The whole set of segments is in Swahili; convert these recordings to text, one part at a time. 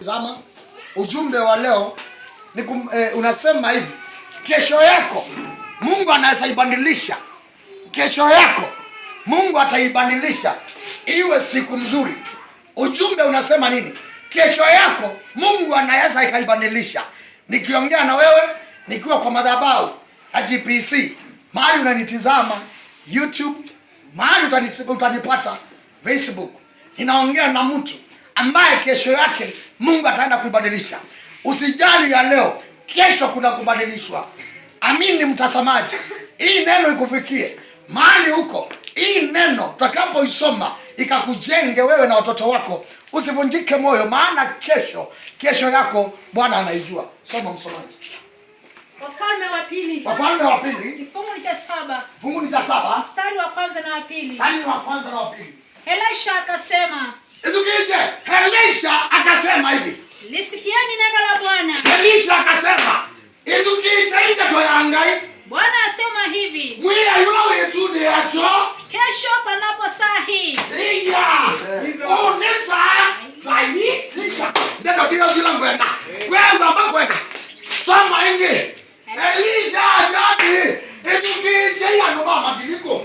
Zama ujumbe wa leo ni kum, eh, unasema hivi, kesho yako Mungu anaweza ibadilisha. Kesho yako Mungu ataibadilisha iwe siku nzuri. Ujumbe unasema nini? Kesho yako Mungu anaweza ikaibadilisha. Nikiongea na wewe nikiwa kwa madhabahu ya GPC, mahali unanitizama YouTube, mahali utanipata Facebook, ninaongea na mtu ambaye kesho yake Mungu ataenda kuibadilisha. Usijali ya leo, kesho kuna kubadilishwa. Amini mtazamaji, hii neno ikufikie mahali huko, hii neno tutakapoisoma ikakujenge wewe na watoto wako, usivunjike moyo, maana kesho, kesho yako Bwana anaijua. Soma msomaji. Wafalme wa pili. Wafalme wa pili. Kifungu ni cha saba. ni cha Mstari wa kwanza na wa pili. Mstari wa kwanza na wa pili. Elisha akasema Nisikize. Elisha akasema hivi. Lisikieni neno la Bwana. Elisha akasema Nisikize ita toyangai. Bwana asema hivi. Mwiya yulo wetu ni acho. Kesho panapo saa hii. Iya. Oh, nisa. Tayi. Nisa. Ndio bila zila ngwenda. Kwenda mbakweka. Soma ingi. Elisha ajati. Nisikize ya no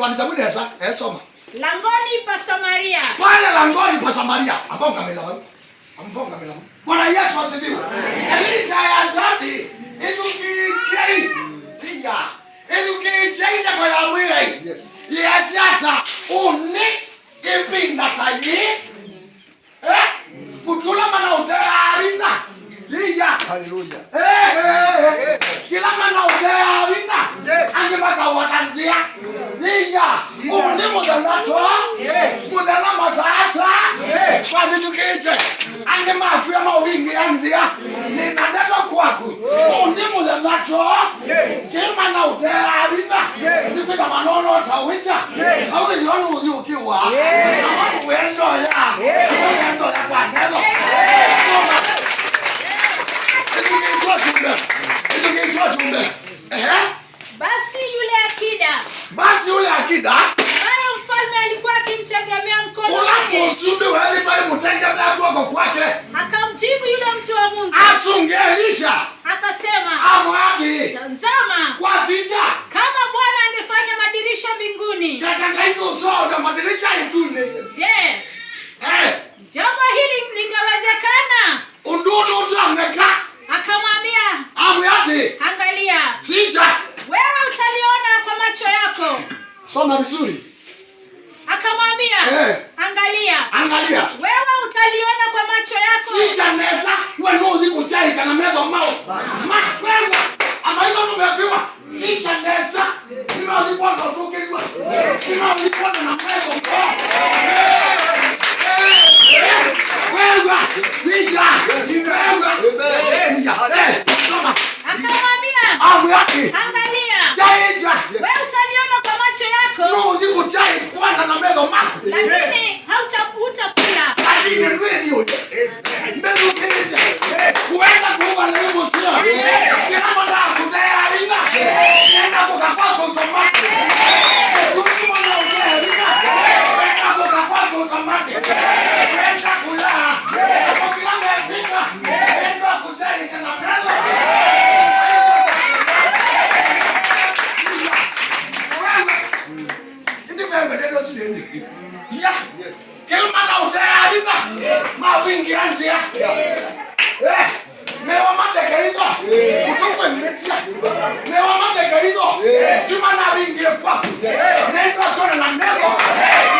Bwana Zaburi asoma langoni pa Samaria, pale langoni pa Samaria, ambao kamelewa ambao kamelewa. Bwana Yesu asifiwe. Elisha yajati itukijei figa itukijei ndako ya mwili yasiata uni impinda tayi eh mutula mana utera arina iya haleluya mudanatwa mudanamazatwa vavitukije ane mafu ya mauvingi ya nzia ninadata kwaku uni mudanatwa kimana utera avinda ndipita manonota uwija aukijoni uziukiwa amakuwendoya kuwendoya kwanelo Basi yule akida. Basi yule akida. Mfalme alikuwa akimtegemea mkono wake. Unaposhubi wewe pale mtegemea watu wako kwake. Akamjibu yule mtu wa Mungu. Asungelisha. Akasema, "Amwaki. Tazama. Kwa sija. Kama Bwana angefanya madirisha mbinguni. Katika hizo zote madirisha yatune. Je. Eh. Jambo hili lingewezekana? Undudu mtu amekaa. Akamwambia, "Amwaki. Angalia. Sija. Wewe utaliona kwa macho yako." Soma vizuri akamwambia eh, angalia angalia, wewe utaliona kwa macho yako, sijaneza wenuthi kuchaica cha metho mao makwenda amaitho numepiwa sijaneza nimathikwondo tukijua simathikwondo na metho mao Yeah. Yes. Kilima na utayariza. Mawingi anzia. Eh! Mewa matekerizo. Kutukwe mmetia. Mewa matekerizo. Chuma na wingi kwa. Nenda chona na mego.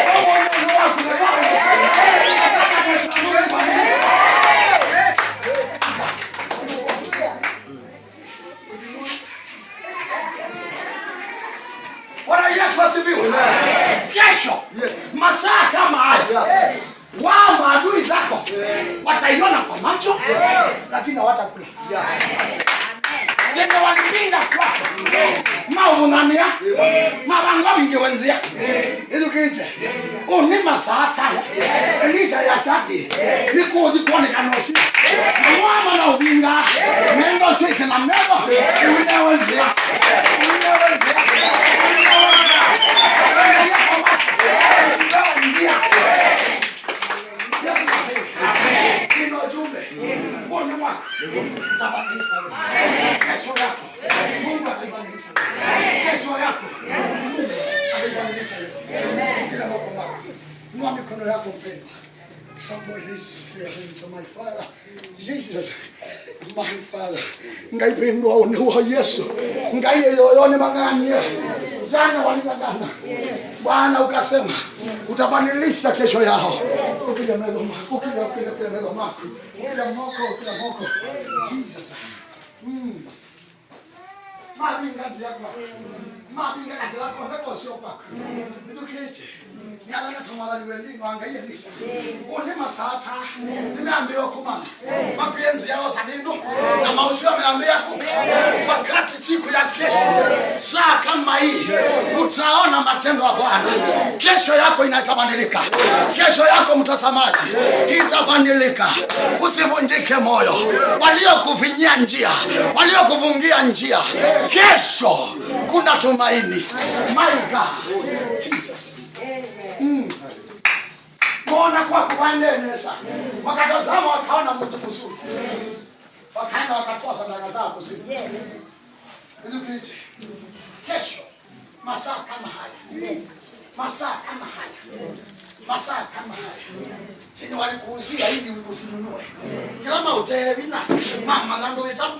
kwa macho yes. Lakini hawatakula chenye walipinda kwako mauvunamia mavangavingiwenzia izukize ya elisa yachati nikuudikuonekanosi mwama na ubinga mendo siti na mbevo unewenzia unewenzia unewenzia kwa macho unewenzia uone wako utabadilisha kesho yako, Mungu mikono yako mpendwa. Somebody here to my father. Jesus, my father. Ngai pendwa one wa Yesu. Ngai yoyone mang'ania. Jana walibagana. Bwana ukasema utabadilisha kesho yao ukija meza mako, ukija ukija ukija meza mako, ukija moko ukija moko. Jesus. Mm. Mabinga zako. Mabinga zako hapo sio paka. Ndio kiete nyala na thoma bali weli manga yeli uli masatha nimeambe yako mama mapenzi yao sanendo na mausi yameambe yako wakati siku ya kesho saa kama hii utaona matendo ya Bwana kesho yako inaweza badilika kesho yako mtazamaji itabadilika usivunjike moyo waliokuvinyia njia waliokufungia njia kesho kuna tumaini my God kuona kwako waendeleza, wakatazama wakaona mtu mzuri, wakaenda wakatoa sadaka zao kuzini. Kesho masaa kama haya, masaa kama haya, masaa kama haya chenye walikuuzia ili usinunue kama utelina mama nando vitabu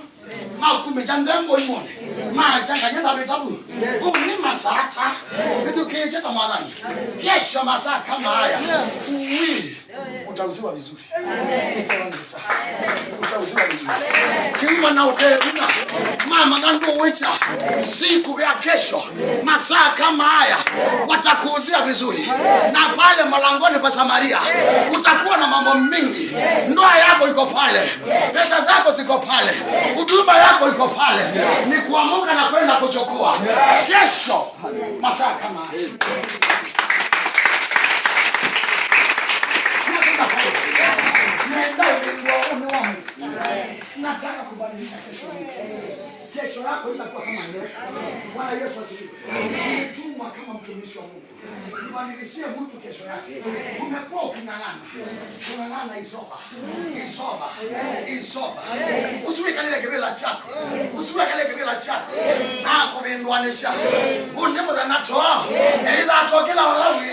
makume chandengo imone machanganyenda vitabu uni masaka vitukije tamadani kesho masaka maya uwili utauziwa vizuri, utauziwa vizuri. Kilima na uterina mama gandu wicha, siku ya kesho masaa kama haya watakuuzia vizuri, na pale malangoni pa Samaria utakuwa na mambo mingi. Ndoa yako iko pale, pesa zako ziko pale, huduma yako iko pale, ni kuamuka na kwenda kuchokoa kesho masaa kama haya. Nienda Nataka kubadilisha kesho Kesho yako itakuwa kama leo. Bwana Yesu asifiwe. Nilitumwa kama mtumishi wa Mungu. Nibadilishie mtu kesho yake. Umekuwa ukinang'ana. Unang'ana isoba. Isoba. Isoba. Usiwe kale kibela chako. Usiwe kale kibela chako. Nako vindwanisha. Unemo za nacho. Ila atokela walawi.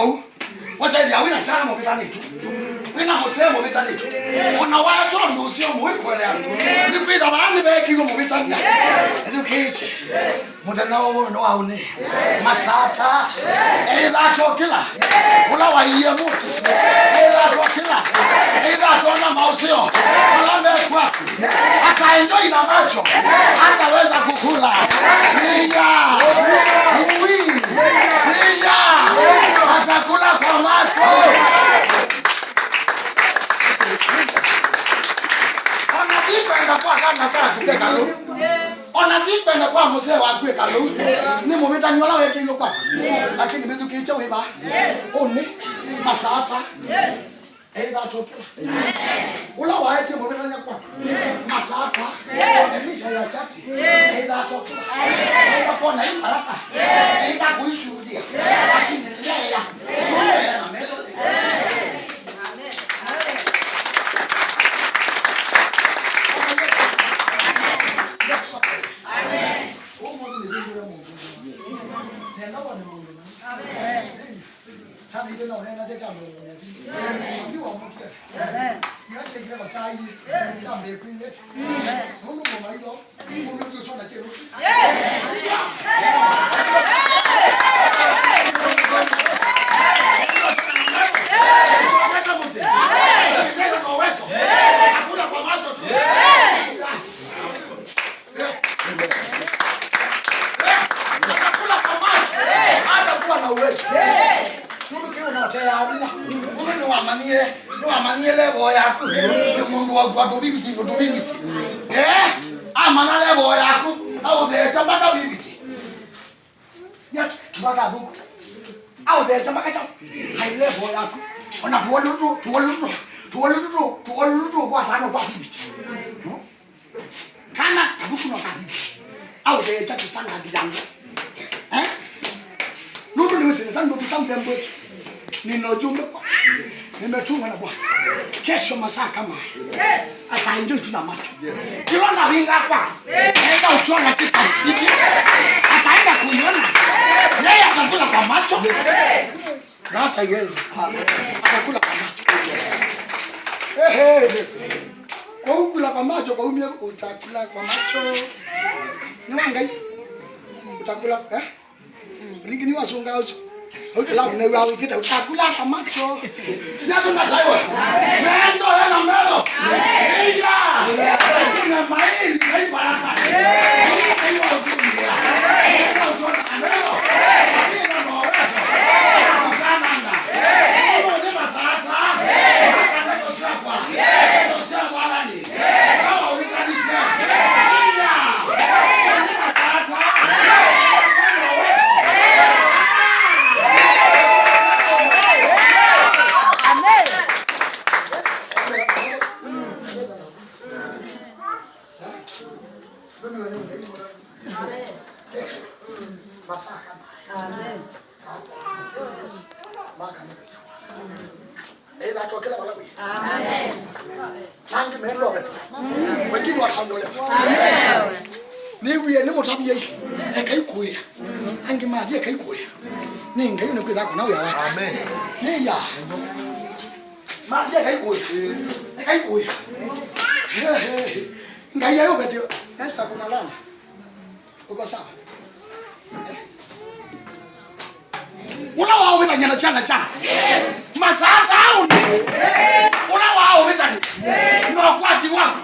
ɔwu wɔsɛ deɛ awi na kyɛn na mo kita ne tu. tena musemo bitani kuna watu ndusio muikwelea ndikwita bani bekigo mubitania edukiche muthenya wono waune masata eithacokila ula waiye mutu eithacokila eithacona mausio ula mekwaku akaenjoi na macho hataweza kukula iya uwi iya atakula kwa macho onajikwenda kwa kana kana kuke kalu onajikwenda kwa mzee wa kwe kalu ni mumita nyola weke yo kwa lakini mitu kiche weba one masata Either tokela. Ula waete mumita nyakwa. Masata. Elisha ya chati. Either tokela. Either kona hii baraka. Either kuishuhudia. Lakini lea ya. Lea ya na melo. နေတဲ့တော့လည်းလက်ချက်မလို့နေစီ။ဒီအောင်မဖြစ်။အဲ။ဒီကချက်ကတော့ချာကြီး။စံလေးကိုရဲ့။အဲ။ဘုံဘုံမိုက်တော့ဘုံတို့ချောင်းလက်ချက်လို့။ obeyetsa tusanadilanga eh? Mungu niusinisa ndukuta mpembo wetu. Nina ujumbe kwa. Nimetumwa na Bwana. Kesho masaa kama haya. Yes. Ataenjoy tuna macho. Kilo na winga kwa. Nenda ukiona kitu kisiki. Ataenda kuiona. Yeye atakula kwa macho. Na hataiweza. Atakula kwa macho. Ehe. Kwa ukula kwa macho, kwa umia utakula kwa macho nangai utakula eh ligi wasunga uso Hukula na wao ikita utakula samacho. Yako na sawa. Mendo hela melo. Amen. Ina maili haibaraka. Amen. wenu wataondolewa. Amen. Niwie ni mutabia iki. Eka ikuya. Angi maji eka ikuya. Ninga ngai kweza kwa nawe yawa. Amen. Yeya. Maji eka ikuya. Eka ikuya. Ngaya yobe dio. Esther kuna lana. Uko sawa? unawawo vitanyana chana chana mazata auni unawawo vitani nokwati wako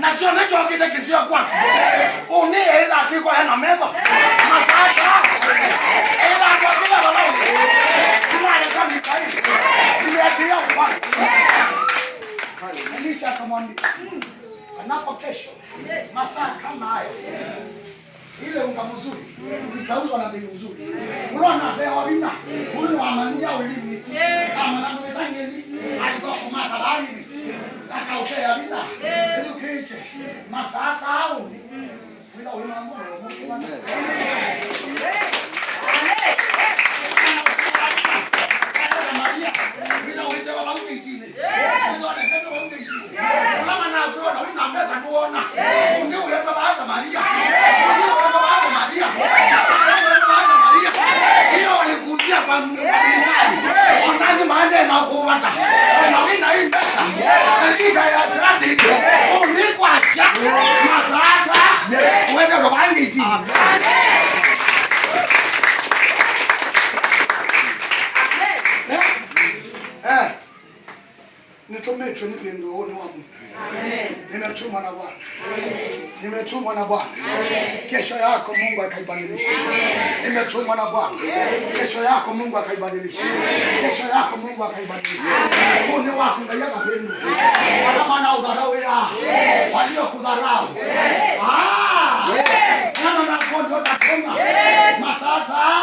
na chona chokitekisiwa kwako uni ilatikwa hena mevo mazata ilakwakila walauni tunaleta mikai tuliatiria kwako Elisha akamwambia anapo kesho masaa kama hayo ile unga mzuri itauzwa na bei nzuri urona te wabina ulu amania ulimiti amananoetangeli ah, alikokumata balimiti akauseabina elukeiche masata auni wila uimamueomukiwane Maria, mira, hoy te va a dar un nabona winambeza nduona unge uyetwa baza maria uyetwa baza maria baza maria hiyo walikutia kwa mbingani onani maande na kuwata na wina hii pesa kanisa ya chati ulikwa cha masata wenda robangiti eh, eh. nitometwe nipendo one wamu Nimetumwa na Bwana, nimetumwa na Bwana. Kesho yako Mungu akaibadilisha. Nimetumwa na Bwana, kesho yako Mungu akaibadilisha, kesho yako Mungu akaibadilisha. Huu ni wako ngayana penu walama na udharau ya walio waliokudharau kama ah! nakondonakona masata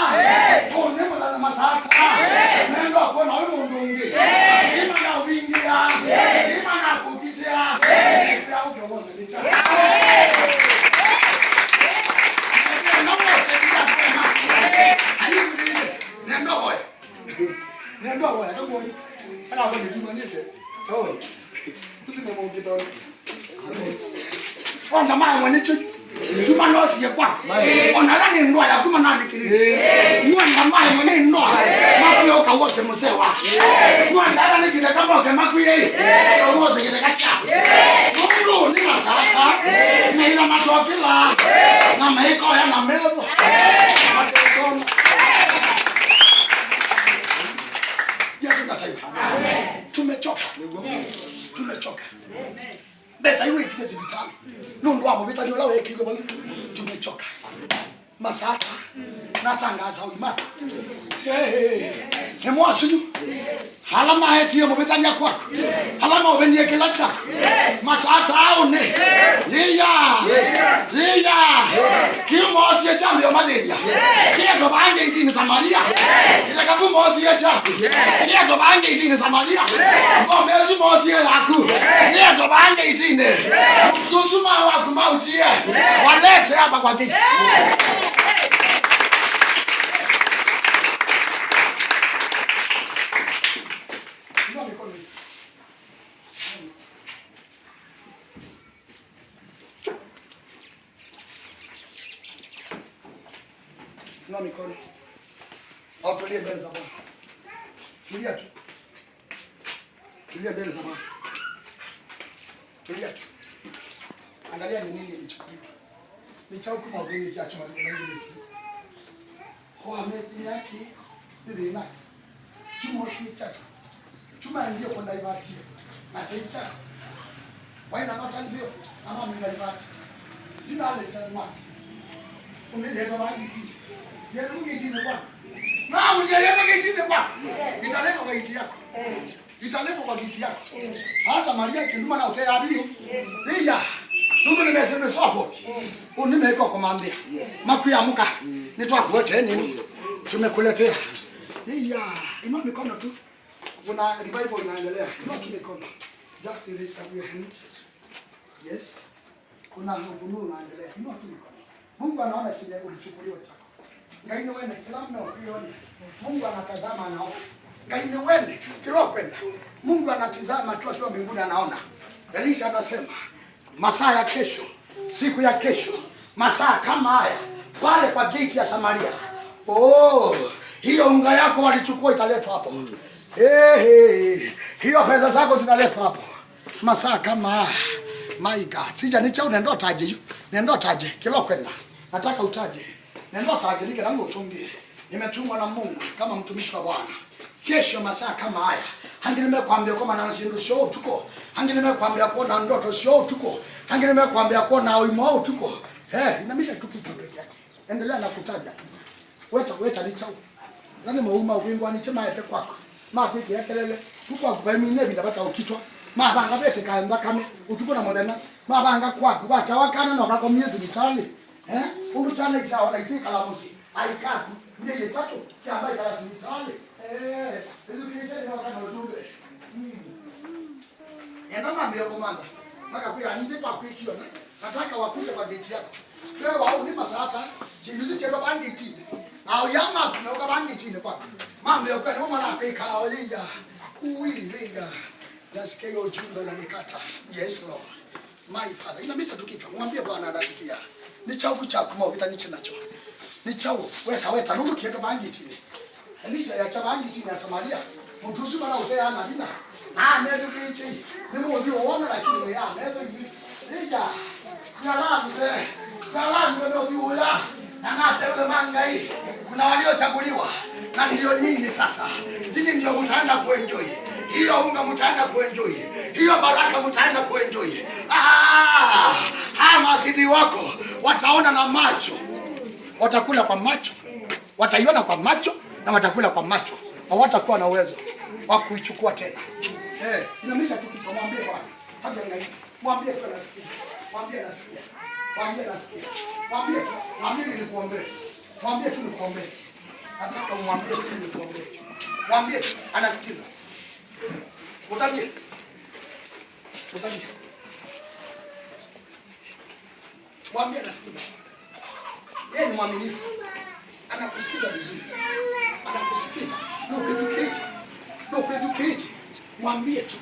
amelo wataona Yesu na taifa. Tumechoka, tumechoka besa hiyo ikize vitano nondo hapo vitanyo lao yake hiyo bali tumechoka masaka natangaza uimata hey, hey. hemwashinyu halama hetiye ngobekanya kwakho halama ubenikela takho masatha awune yiya yiya kimosi yethambi yomadenya tiyedwa bange itini samaria yeka kumosi yethambi tiyedwa bange itini samaria ngomesi mosi yakho tiyedwa bange itini ususuma wakho mawutiye walethe apha kwakithi ama mnaimaji yule alichamaji unaweza kama hiki yeye mwenye jina kwa na mwenye yeye mwenye jina kwa italeta kwa hiti yako italeta kwa hiti yako hasa Maria kinduma na utea abilo iya Mungu nimesema safu unimeweka kumwambia makuyamuka nitwakuletea nini tumekuletea iya inua mikono tu kuna revival inaendelea inua tu mikono just raise up your hands Yes. Kuna mavuno unaendelea. Inua tu mikono. Mungu anaona kile ulichukuliwa chako. Ngaine wene kila mmoja ukiona. Mungu anatazama anaona. Ngaine wewe kila kwenda. Mungu anatizama tu akiwa mbinguni anaona. Elisha anasema masaa ya kesho, siku ya kesho, masaa kama haya pale kwa gate ya Samaria. Oh, hiyo unga yako walichukua italetwa hapo. Eh, hey, hey, hiyo pesa zako zinaletwa hapo. Masaa kama haya. My God. Sija nicha nendo taje yu. Nendo taje. Kilo kwenda. Nataka utaje. Nenda utaje nike langu utumbie. Nimetumwa na Mungu kama mtumishi wa Bwana. Kesho masaa kama haya. Hangi nimekwambia kwa manana sindu sio utuko. Hangi nimekwambia kwa na ndoto sio utuko. Hangi nimekwambia kwa na uimo utuko. He. inamisha tuki tuki tuki. Endelea na kutaja. Weta weta nicha. Nani mauma wingwa nichema yate kwako. ya kelele. Tuko kwa mimi nebi ndapata ukitwa mabanga betekayenda kame utuko na modena mabanga kwaki kwachawakana nokako miezi mitali eh undu chana chawa na itikala muchi aikatu ndiye yetatu kyamba ikala simitali eh ezo kinese ni wakana utumbe hmm. enda mambe yokomanda makakuya nipe pa kwikio na nataka wakuje kwa geti yako twe wao ni masata chinuzi cheba bangiti au yama na ukabangiti ne kwa mambe yokana mwana apika olinja uwi linja nasikia hiyo ujumbe unanikata. Yes Lord. My Father. Inamisa tu kichwa. Mwambie Bwana nasikia Ni chau chaku mo kita niche nacho. Ni chau weka weka nungu kieka bangi tini. nisha ya cha bangi tini ya Samaria. Mtuzi mara utea ana dina. Na nezu kichi. Ni mwozi uona lakini ya nezu kichi. Nija. Nyalamu te. lazi te mwozi uya. Na ngate ule hii Kuna walio chaguliwa Na nilio nyingi sasa. jini ndio mtaenda kuenjoy hiyo unga mtaenda kuenjoy, hiyo baraka mtaenda kuenjoy. Ah, haya mazidi wako wataona na macho, watakula kwa macho, wataiona kwa macho na watakula kwa macho, hawatakuwa na uwezo wa kuichukua tena. Eh, inamaanisha tu kitu, mwambie Bwana, hata inaita mwambie tu, nasikia mwambie, nasikia mwambie, nasikia mwambie, mwambie nilikuombea, mwambie tu nikuombee, nataka mwambie tu nikuombee, mwambie anasikiza. Buradan gir. Mwambie anasikiza. Yeye ni mwaminifu. Anakusikiza vizuri. Anakusikiza. Na ukidukiji. Na ukidukiji. Mwambie tu.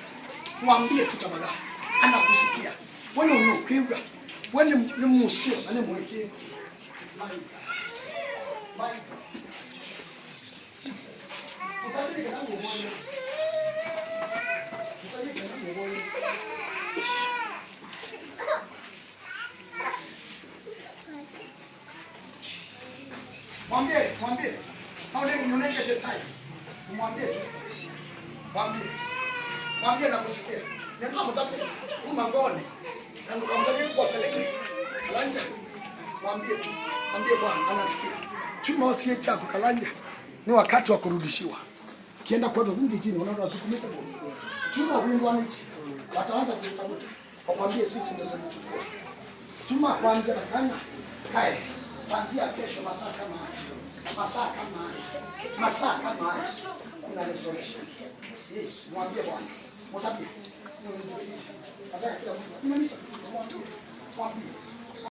Mwambie tu tafadhali. Anakusikia. Wewe unaokiwa. Wewe ni mmusio, na ni mwekeo. Mwambie, mwambie. Mwambie unionyeshe Mwambie tu. Mwambie. Mwambie na kusikia. Na kwa selekti. Kalanja. Mwambie tu. Mwambie Bwana anasikia. Chuma usiye chako kalanja. Ni wakati wa kurudishiwa. Kienda kwa mtu jini unaona sukumita kwa. Chuma windwa ni. Wataanza kutafuta. Mwambie sisi ndio tunachukua. Chuma kwanza kanisa. Kae. Kuanzia kesho masaa kama haya. Massacre mais. Massacre mais. Na restauração. Isso. Uma bia boa. Não bia. Uma bia. Não bia. Uma bia.